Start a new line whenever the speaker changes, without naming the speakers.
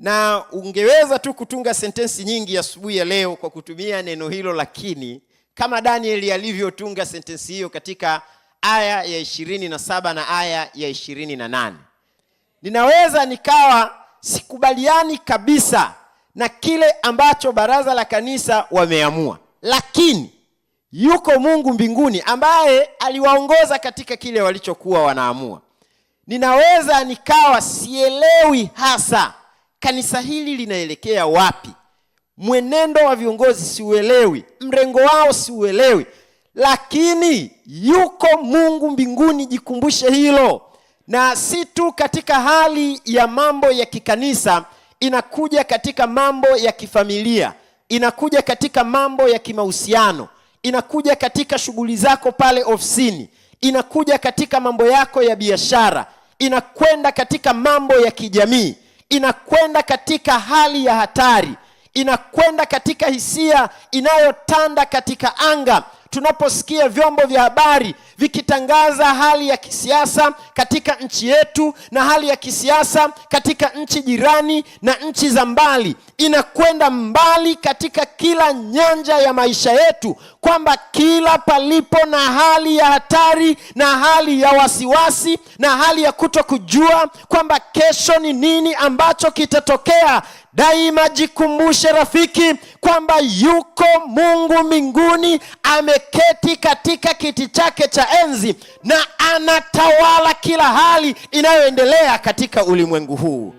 na ungeweza tu kutunga sentensi nyingi asubuhi ya, ya leo kwa kutumia neno hilo lakini, kama Danieli alivyotunga sentensi hiyo katika aya ya ishirini na saba na aya ya ishirini na nane ninaweza nikawa sikubaliani kabisa na kile ambacho baraza la kanisa wameamua, lakini yuko Mungu mbinguni ambaye aliwaongoza katika kile walichokuwa wanaamua. Ninaweza nikawa sielewi hasa kanisa hili linaelekea wapi? Mwenendo wa viongozi siuelewi, mrengo wao siuelewi, lakini yuko Mungu mbinguni. Jikumbushe hilo, na si tu katika hali ya mambo ya kikanisa, inakuja katika mambo ya kifamilia, inakuja katika mambo ya kimahusiano, inakuja katika shughuli zako pale ofisini, inakuja katika mambo yako ya biashara, inakwenda katika mambo ya kijamii inakwenda katika hali ya hatari, inakwenda katika hisia inayotanda katika anga tunaposikia vyombo vya habari vikitangaza hali ya kisiasa katika nchi yetu na hali ya kisiasa katika nchi jirani na nchi za mbali, inakwenda mbali katika kila nyanja ya maisha yetu, kwamba kila palipo na hali ya hatari na hali ya wasiwasi na hali ya kuto kujua kwamba kesho ni nini ambacho kitatokea Daima jikumbushe rafiki, kwamba yuko Mungu mbinguni, ameketi katika kiti chake cha enzi na anatawala kila hali inayoendelea katika ulimwengu huu.